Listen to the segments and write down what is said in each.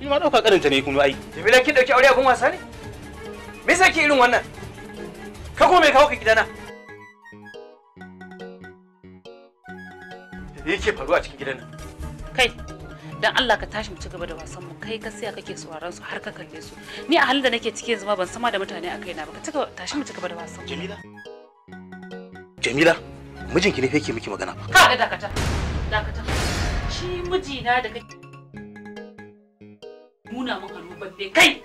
Ni ma ɗauka ƙarinta ne kuma ai. Jamila kin ɗauki aure abin wasa ne? Me yasa ke irin wannan? Ka kuma me kawo ka gidana? Me yake faruwa a cikin gidan nan? Kai, dan Allah ka tashi mu ci gaba da wasan mu kai ka siya kake sauraron su har ka kalle su. Ni a halin da nake cikin zuma ban sama da mutane a kaina ba. Ka cika tashi mu ci gaba da wasan. Jamila. Jamila, mijinki ne fa yake miki magana. Ka ga dakata. Dakata. Shi mijina da kake nuna min annobar dai kai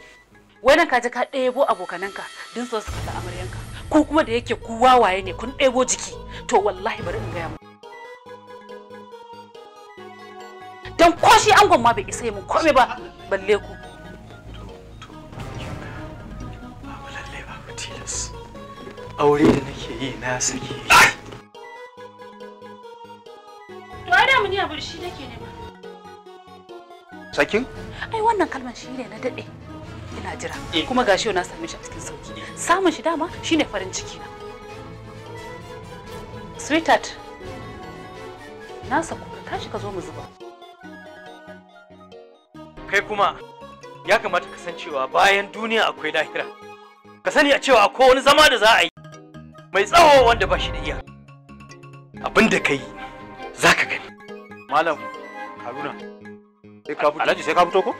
wai ka je ka ɗebo abokananka din so su ta amaryanka ko kuma da yake ku wawaye ne kun ɗebo jiki to wallahi bari in gaya mu dan ko shi angon ma bai isa yi mun komai ba balle ku aure da nake yi na saki to Wa da mun ya bar shi nake nema Sakin? Ai wannan kalman shi ne na daɗe. Ina jira. Eh. Kuma gashi na same shi a cikin sauki. Samun shi dama shine farin ciki na. Sweetheart. Na saku ka tashi ka zo mu zuba. Kai kuma ya kamata ka san cewa bayan duniya akwai lahira. Ka sani a cewa akwai wani zama da za a yi mai tsawo wanda ba shi da iya. Abinda da ka yi za ka gani. Malam Haruna. alhaji sai ka fito ko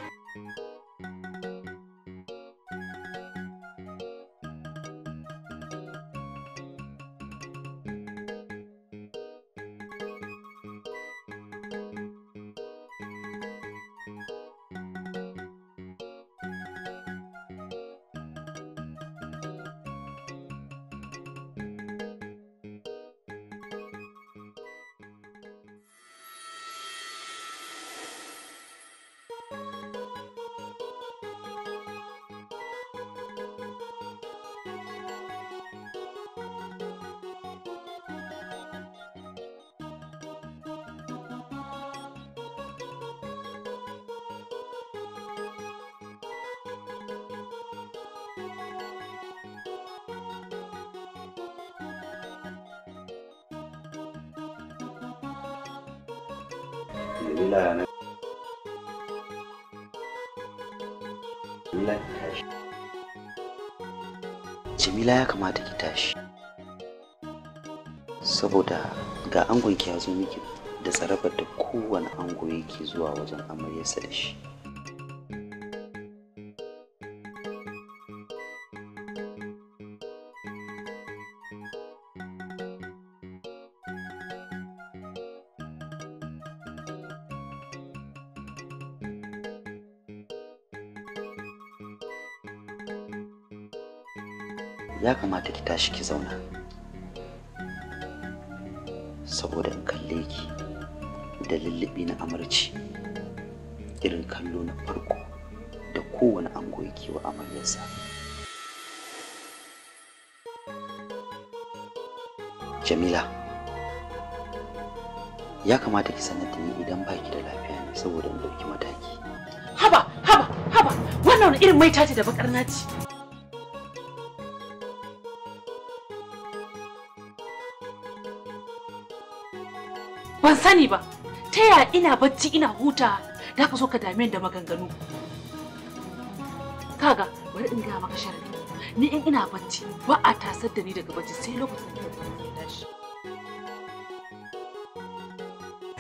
jamila ya kamata ki tashi saboda ga angon ki ya zo miki da tsarabar da kowane ango yake zuwa wajen amaryarsa da shi ya kamata ki tashi ki zauna saboda in kalle ki da lullubi na amarci irin kallo na farko da kowane ango yake wa amaryarsa jamila ya kamata ki sanar da ni idan ba ki da lafiya ne saboda in ɗauki mataki haba haba haba wannan irin mai ce da bakar naci ban sani ba ta yaya ina bacci ina huta da ka so ka dame da maganganu kaga bari in ga maka sharadi ni in ina bacci ba a tasar da ni daga bacci sai lokacin da tashi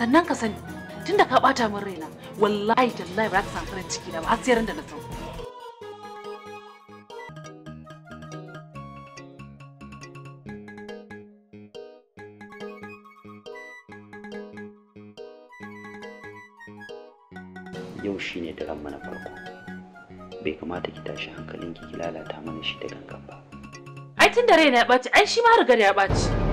sannan ka sani tunda ka bata min raina wallahi tallahi ba za ka san farin ciki na ba har sai ran da na sauko ƙirƙirar mana farko bai kamata ki tashi hankalinki ki lalata mana shi da gangan ba ai tun da raina ya ɓaci ai shi ma rigar ya ɓaci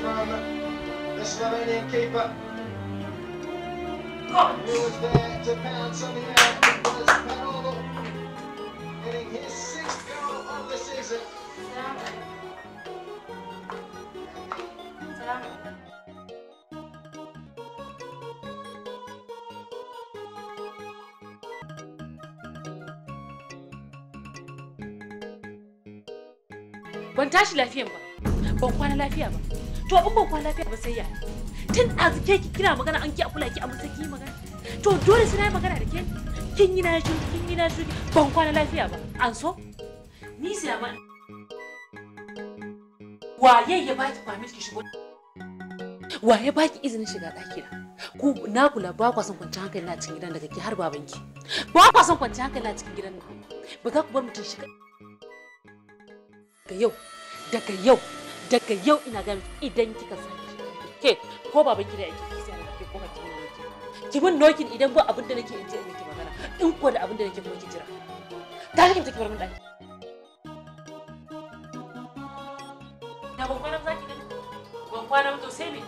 from the Slovenian keeper. Who oh! was there to pounce on the out was Parolo, getting his sixth goal of the season. Ban tashi lafiyan ba, ban kwana lafiya ba. to abin ban kwa lafiya ba sai ya tun a ke ki kina magana an ki a kula ki a mutaki magana to dole sai na magana da ke kin yi na shi kin yi na shi ban kwana lafiya ba an so ni sai ma waye ya baki permit ki shigo waye baki izinin shiga daki na ku na kula ba kwa son kwanciyar hankali na cikin gidan daga ki har ki. ba kwa son kwanciyar hankali na cikin gidan ba za ku bar mutum shiga daga yau daga yau daga yau ina ganin idan kika saki ke ko baban ki da yake ki sai ki ko baki ne ki ki mun nokin idan ba abin da nake in ce miki magana in ko da abin da nake kuma ki jira ta kike take bar mun dai da ban kwana zaki gani ban to sai me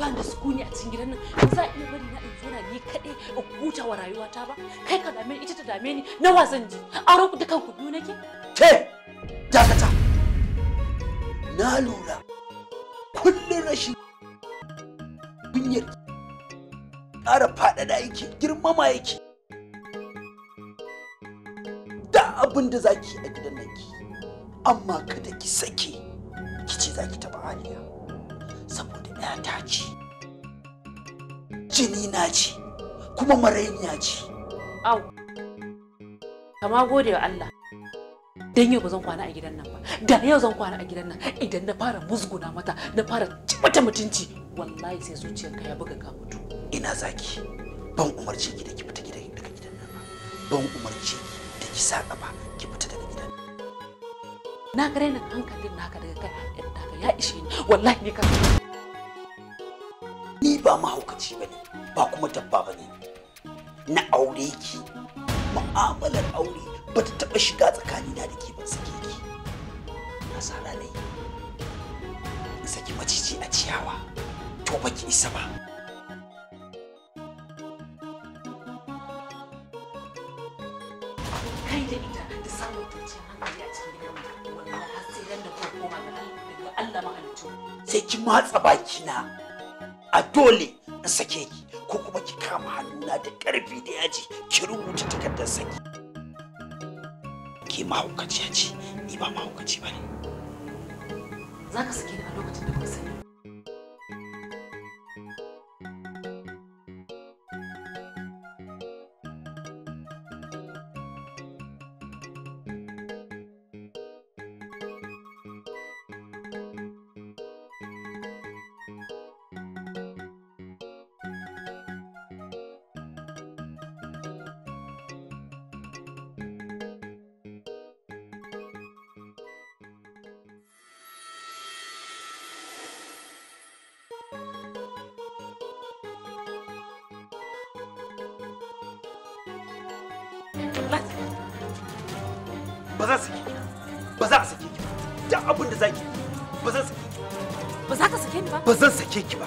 ba da sukuni a cikin gidan nan ba za a iya bari na in zauna ni kaɗai in huta wa rayuwata ba kai ka dame ni ita ta dame ni na zan ji a ku dukan ku biyu nake ke dakata na lura kullum rashin kunyar ƙara faɗaɗa yake girmama yake da abin da zaki a gidan nan ki amma kada ki sake ki ce zaki taɓa aliya ci jini na ci kuma marainiya ci au kama gode wa Allah dan yau ba zan kwana a gidan nan ba da yau zan kwana a gidan nan idan na fara musguna mata na fara ci mata mutunci wallahi sai zuciyarka ya buga ka mutu ina zaki ban umarci ki da ki fita gidan daga gidan nan ba ban umarci da ki saka ba ki fita daga gidan nan na ga rainin hankalin naka daga kai ya ishe ni wallahi ni ka mahaukaci ba ne ba kuma dabba ba ne na aure ki mu'amalar aure ba ta taɓa shiga tsakani na da ke ban sake ki na sara ne in saki maciji a ciyawa to ba ki isa ba kai da ita da samun kwanciyar hankali a cikin gidanmu wallahi har sai ran da ko koma ga Allah mahalicci sai ki matsa baki na a dole in sake ki ko kuma ki kama hannuna da ƙarfi da yaji ki rubuta takardar saki ke ya ce ni ba mahaukaci ba ne za ka sake ni a lokacin da ban sani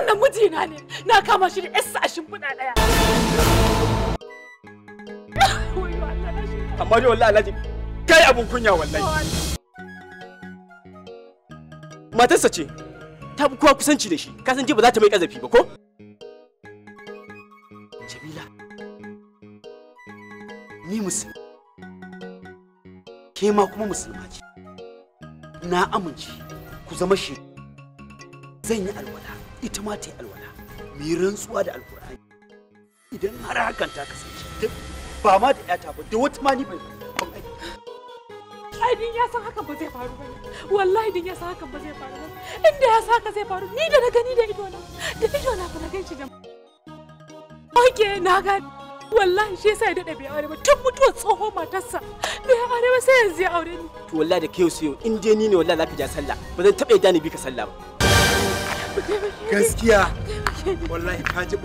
wannan mijina ne na kama shi da yassa a shimfiɗa ɗaya amma ni wallahi alhaji kai abun kunya wallahi matarsa ce ta fi kowa kusanci da shi ka san ba za ta mai kazafi ba ko jamila ni musulmi ke ma kuma musulma ce na amince ku zama shi zan yi alwala ita ma ta yi alwala mu yi rantsuwa da alkur'ani idan har hakan ta kasance ba ma da yata ba da wata ma ni bai ai din ya san hakan ba zai faru ba wallahi din ya san hakan ba zai faru ba inda ya san haka zai faru ni da na gani da ido na da ido na na gan shi da oke na gani wallahi shi yasa ya dade bai aure ba tun mutuwar tsoho matarsa bai aure ba sai yanzu ya aure ni to wallahi da kai yau in dai ni ne wallahi zaka ja sallah ba zan taɓa yadda ni bi ka sallah ba gaskiya wallahi ka ji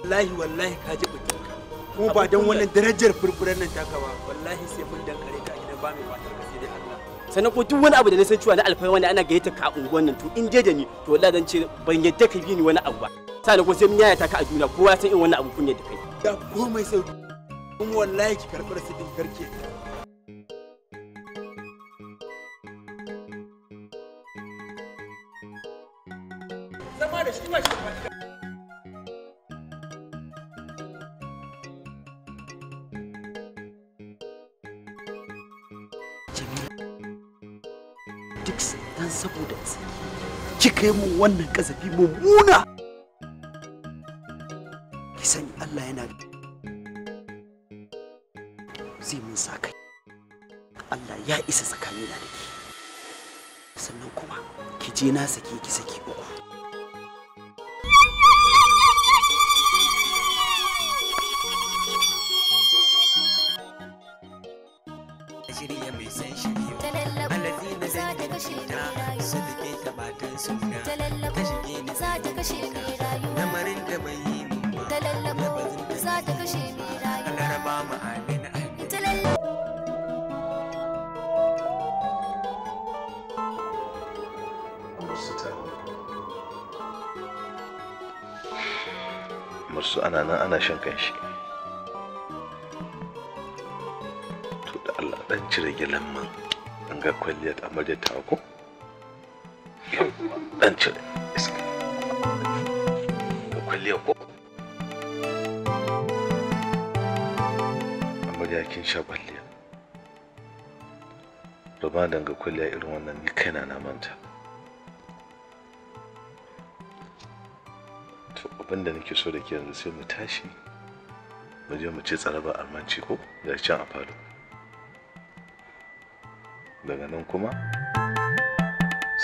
wallahi wallahi ka ji bakin ka kuma ba dan wannan darajar furfuran nan taka ba wallahi sai mun dan kare ka idan ba mai fatar ka sai dai Allah sannan ko duk wani abu da na san cewa na alfai wani ana gayyata ka a unguwan nan to in je da ni to wallahi zan ce ban yadda ka yi ni wani abu ba sannan ko sai mun yaya ta ka a juna kowa san in wani abu kun yadda kai da komai sai kuma wallahi ki karɓar su sidin karke ma duk dan saboda kika yi mun wannan kazafi mummuna ki sani Allah yana zai mun sa kai Allah ya isa tsakanina da ke sannan kuma ki je na sake ki sake kamar su ana nan ana shan kanshi to da Allah dan cire gilan man an ga kwalliyar amarya ta ko dan cire iska ga kwalliyar ko amarya kin sha kwalliya ba ma danga kwalliya irin wannan ni kaina na manta Wanda nake so da ke yanzu sai mu tashi mu je mu ci tsaraba armanci ko da can a falo daga nan kuma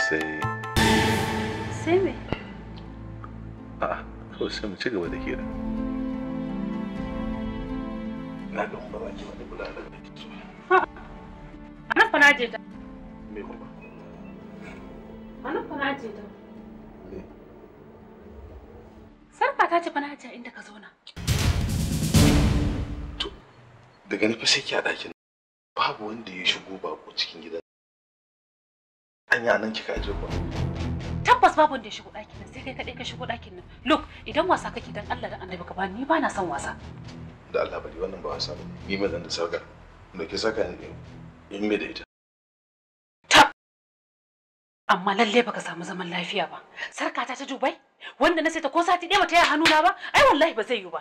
sai sai me a'a ko sai mu ci gaba da hira na ga kuma baki wani kula da ta ce fa na inda ka zauna. To, daga na fa sai ki a ɗakin. Babu wanda ya shigo baƙo cikin gidan. An yi anan kika aje ba. Tabbas babu wanda ya shigo ɗakin nan sai kai kaɗai ka shigo ɗakin nan. Look, idan wasa kake dan Allah da annabi ka ba ni ba na son wasa. Da Allah bari wannan ba wasa ba Ni mai zan da sarga. Me ke saka in me da ita. amma lalle baka samu zaman lafiya ba sarka ta ta dubai wanda na sai ta ko sati ɗaya bata yi hannu na ba ai wallahi ba zai yi ba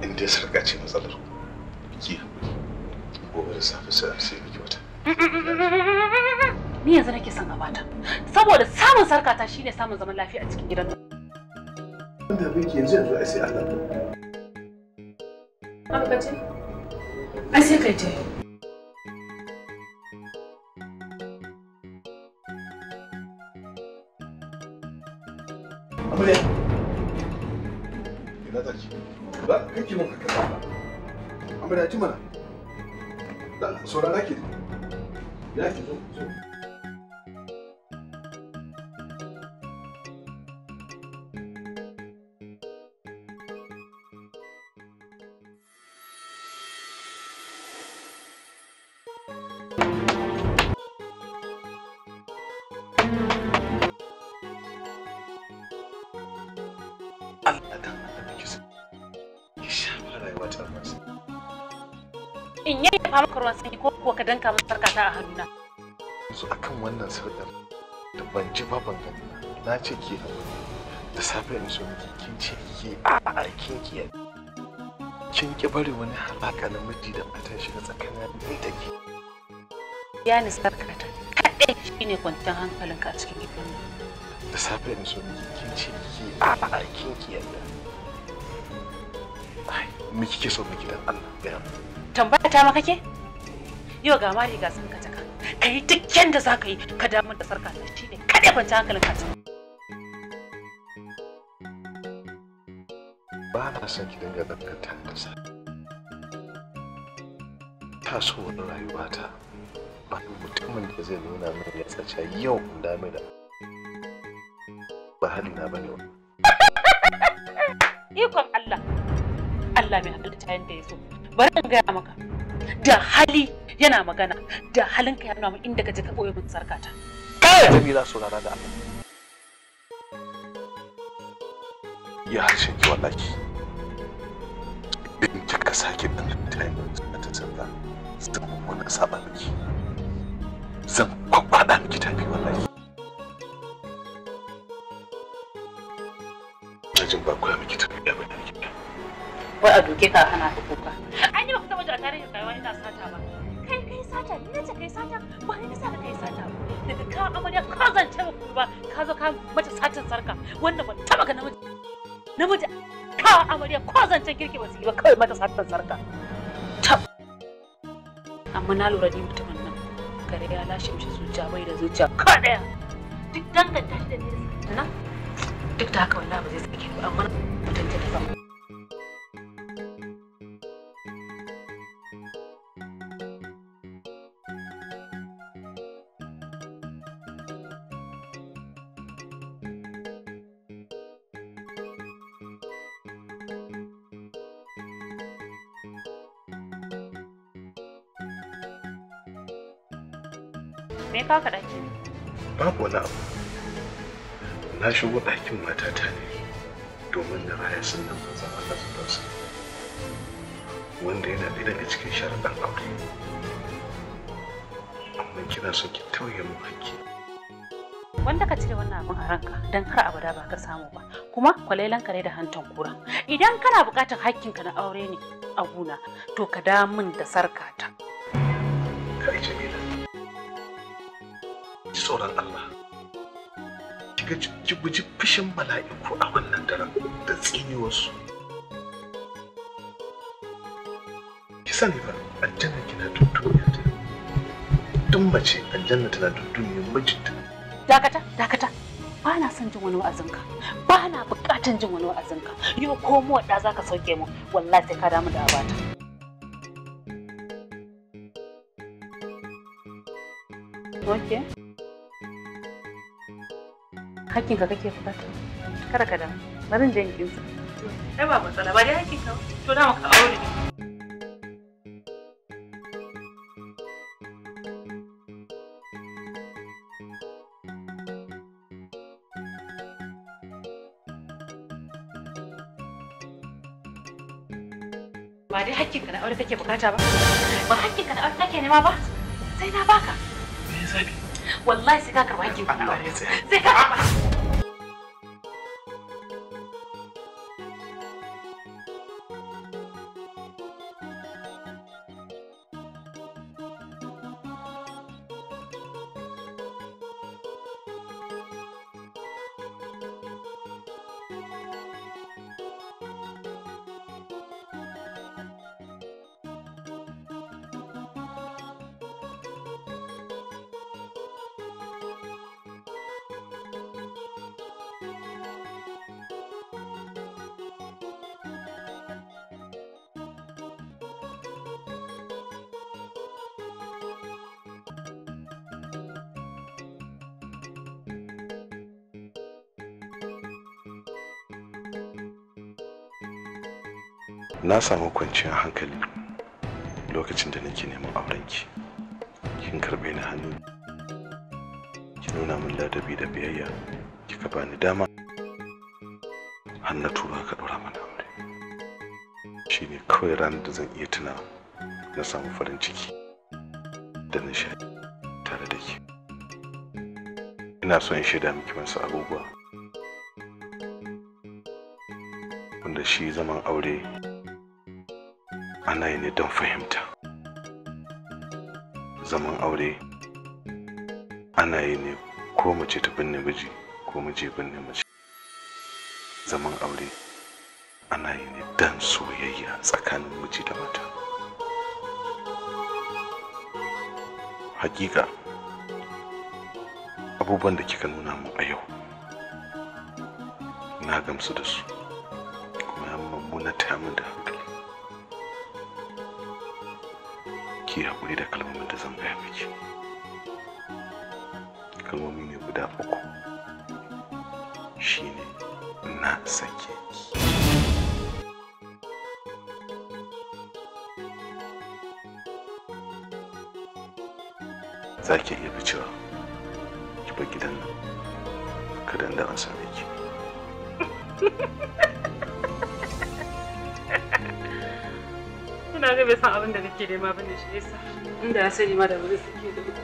in dai sarka ce matsalar ki gobe da safe sai sai miki wata ni yanzu nake son abata saboda samun sarka ta shine samun zaman lafiya a cikin gidan da miki yanzu yanzu ai sai Allah ka ce ai sai kai ta ƙasar ba mun ba amma da ya ci saurara ke ya zo matsayi ko kuwa ka danka min sarka ta a hannuna yanzu akan wannan sarƙar, da ban ji ba ban gani na ce ke da safe in so miki kin ce ke a a kin ki kin ki bari wani alaƙa na miji da matan shiga tsakanin ni da ke ya ni sarka ta kaɗai shine kwanciyar hankalinka a cikin gidan da safe in so miki kin ce ke a a kin ki yadda miki ke so miki dan Allah gaya mu tambaya ta ma ke? yau ga mari ga sun kace ka yi duk yanda za ka yi ka damu da sarka ta shi ne kaɗai kwanci hankalin ka ba na son ki dinga danganta da sa ta so wani rayuwa ta ba ni mutumin da zai nuna min ya tsaca yau in dame da ba hali ba. bane wani ikon Allah Allah mai halitta yadda ya so bari in gaya maka da hali yana magana da halinka ya nuna min inda kaje ka boye min sarkata kai Jamila saurara da ya harshe ki wallahi in kika sake dan tayin ta tsalla zan kuma saba miki zan kwakwada miki tafi wallahi Jin ba koya miki tafiya ba ne. Wai a duke ka hana ka kuka. ba tare da ina sata ba kai kai sata ni kai sata ba ni nasa da kai sata ba daga ka amarya ka zance ba ba ka zo ka mata satin sarka wanda ba taba ga namiji namiji ka amarya ko zance kirki ba su ba kawai mata satin sarka tab amma na lura da mutumin nan kare ya lashe mishi zuciya bai da zuciya ka daya duk danganta da ni da nan duk da haka wallahi ba zai sake ba amma mutunta da ba babu wani abu na shigo ɗakin matata ne domin na raya sunan manzan Allah su dausa wanda yana ɗaya daga cikin sharaɗan aure amma kina son ki tauye mu wanda ka cire wannan abin a ranka don har abada ba ka samu ba kuma kwalelan ka ne da hantan kura idan kana bukatar hakkinka na aure ne a gona to ka da min da sarkata kai jamila tsoron Allah shiga ki guji fushin mala'iku a wannan daren da tsiniwarsu ki sani ba aljanna kina tuntuniya ta tun mace aljanna tana tuntuniyar mijinta dakata dakata ba na son jin wani wa'azinka ba na bukatan jin wani wa'azinka yau ko mu wadda zaka sauke mu wallahi sai ka damu da abata Okay. hakkin kake fita kada ka da barin jan in kinsa ai ba matsala ba dai hakkin to da maka aure ne ba dai hakkinka na aure kake bukata ba ba hakkinka na aure kake nema ba sai na baka wallahi sai ka karba hakkin ba sai ka karba na samu kwanciyar hankali lokacin da nake neman aurenki kin karbe ni hannu ki nuna min ladabi da biyayya kika bani dama har tura ka ɗora mana aure shine kawai ranar da zan iya tuna na samu farin ciki da nishadi tare da ke ina son shaida miki wasu abubuwa wanda shi zaman aure ana yi ne don fahimta zaman aure ana yi ne ko mace ta binne miji ko miji binne mace zaman aure ana yi ne don soyayya tsakanin miji da mata hakika abubuwan da kika nuna mu a yau na gamsu da su kuma yamma muna tamu da ki haƙuri da kalmomin da zan gaya miki kalmomi ne guda uku shine na sake Zaki za ki iya ficewa ki bar gidan nan kadan da an same ki Ina ga bai san abin da kake nema bane shi yasa. Inda ya sani ma da ba zai da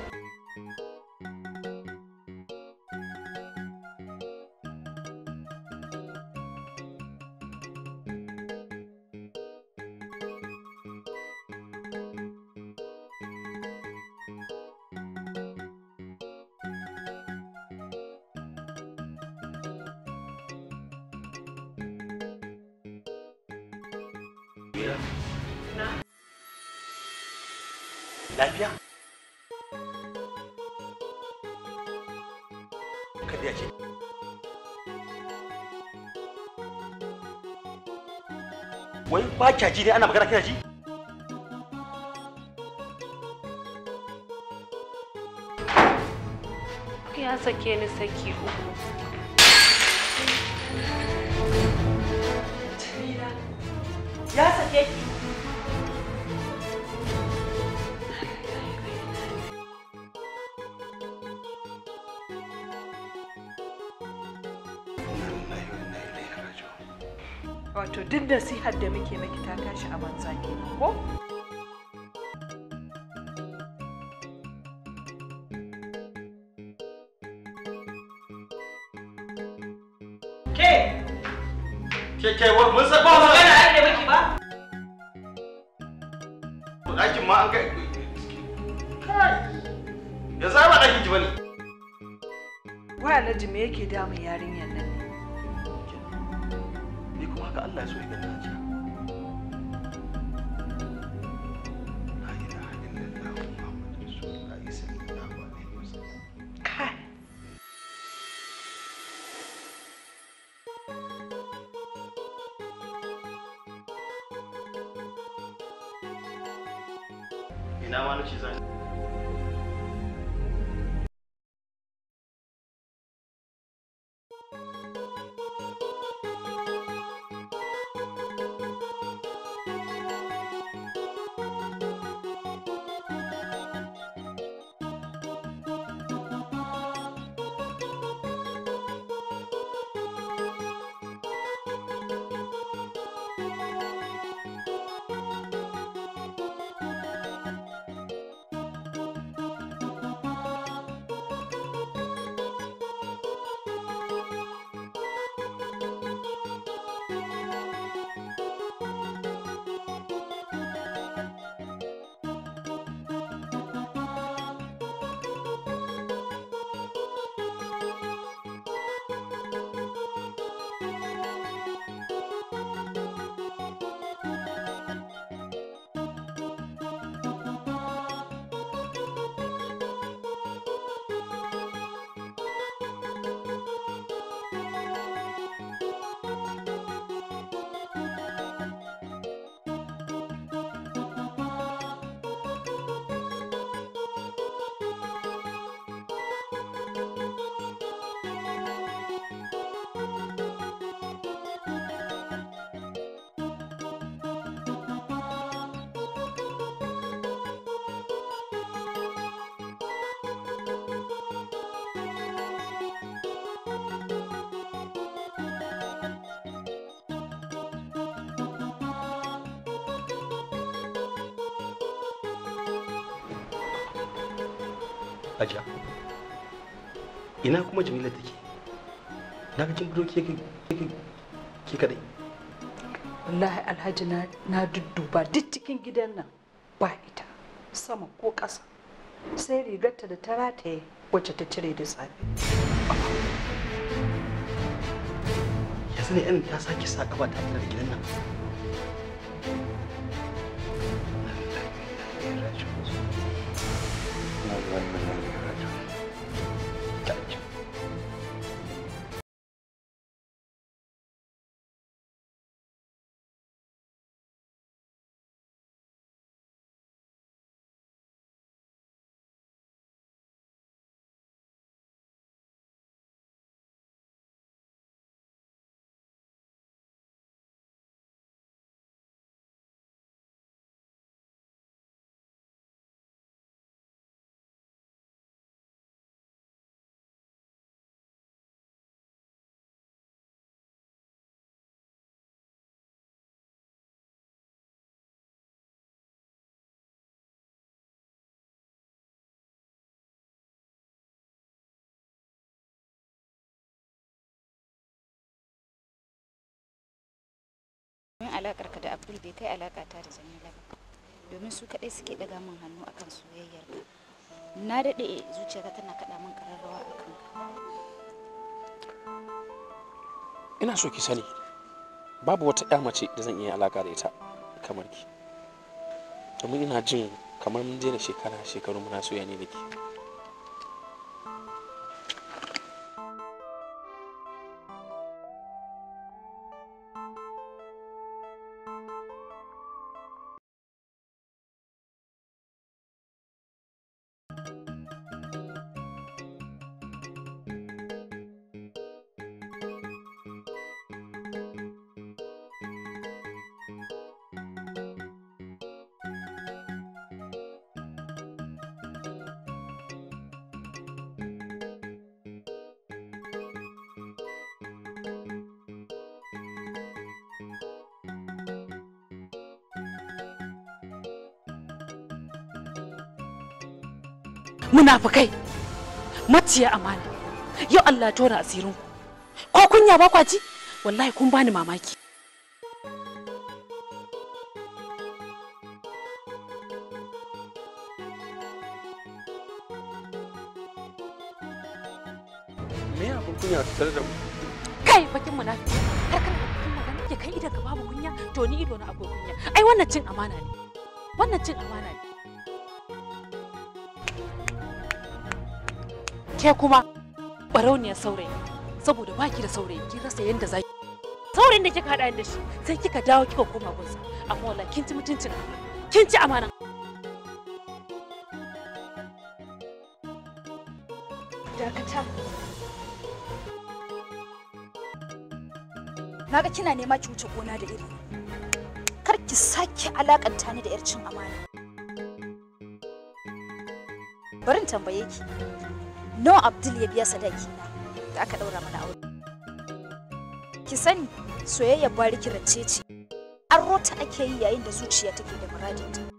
Yeah. lafiya kada wai ba kya ji ne ana magana kina ji ya sake ni saki uku duk nasihar da muke maki ta tashi a banza kenan ko ke ke ke mun sa ba magana ai da miki ba ɗakin ma an kai ya zama ɗakin ki bane Wa alhaji me yake damun yarinyar nan ne best we can do. Hajiya. Ina kuma Jamila take? Na ga kin ke kadai. Wallahi Alhaji na na dudduba duk cikin gidan nan ba ita sama ko ƙasa. Sai rigarta da ta rataye wacce ta cire da safe. Yanzu ne ta sake sa kafa ta da gidan nan. domin ka da abdul bai kai ta da jamila ba domin su kaɗai suke ɗaga min hannu akan soyayyar ka na daɗe zuciyarka tana kaɗa min ƙararrawa a ka. ina so ki sani babu wata ƴa mace da zan iya alaka da ita kamar ki domin ina jin kamar mun daina shekara shekaru muna soyayya ne da ke munafukai maciya amana yau Allah tona asirin ku ko kunya ba kwaci wallahi kun bani mamaki kuma barauniyar saurayi saboda baki da saurayi kin rasa yadda zaki saurayin da kika hada da shi sai kika dawo kika koma gunsa amma wallahi kin ci mutuncin kin ci amana dakata ga kina nema ki wuce gona da iri kar ki sake alakanta ni da yar cin amana bari in tambaye ki no abdul ya biya sadaki na da aka daura mana aure ki sani soyayya bariki ki ce an rota ake yi yayin da zuciya take da muradinta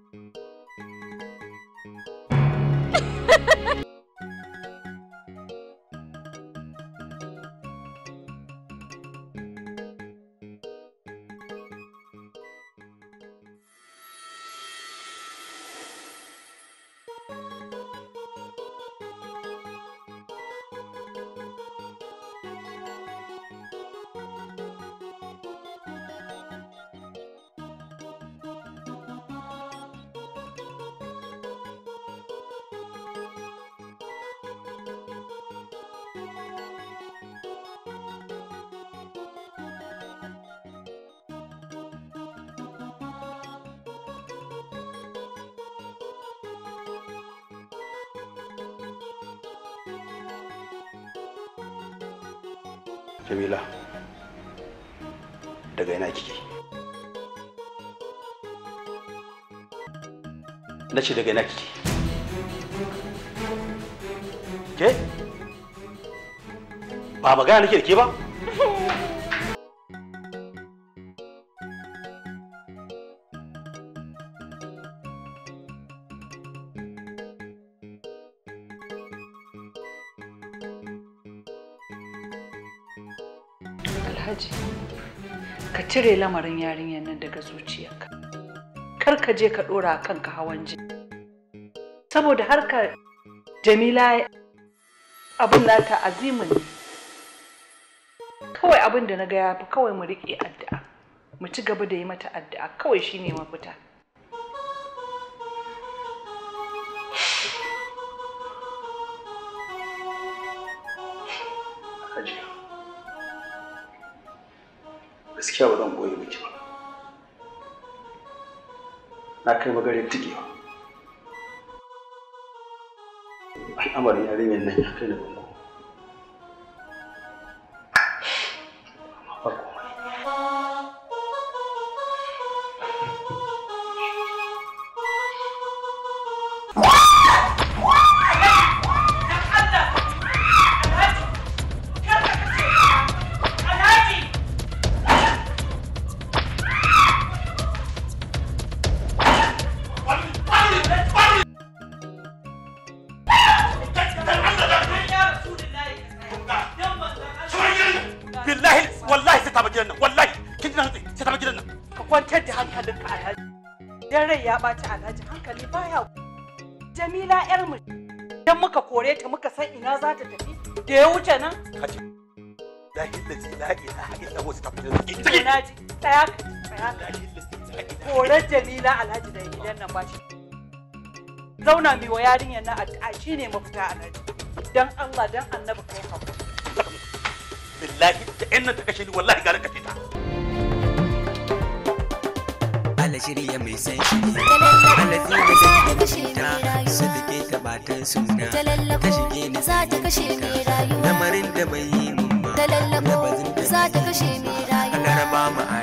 jamila daga ina kike na ce daga ina kike ke ba magana nake da ke ba sai lamarin yarinyar nan daga zuciyarka kar ka je ka ɗora kanka hawan jini saboda harka jamila abin nata azimin ne kawai abin da na ga ya fi kawai mu riƙe addu'a mu ci gaba da yi mata addu'a kawai shine mafita gaskiya ba zan koyi miki ba na kai magarin tikewa al'amarin yarinyar nan ya kai da bango ta alhaji hankali baya jamila yar idan muka kore ta muka san ina za ta tafi da ya wuce nan haji la ilaha illa illa huwa tafi da naji tsaya tsaya kore jamila alhaji da gidan nan ba shi zauna mi wa yarinyar nan a shine mafita alhaji dan Allah dan annabi kai hakuri billahi da inna ta kashe ni wallahi gara kashe ta ana shirya mai san shi ana tsira da kashinta su duke ta batan suna ta shige ni za ta kashe mai rayuwa lamarin da bai yi mun ba ta lallabo za ta kashe mai rayuwa ana raba mu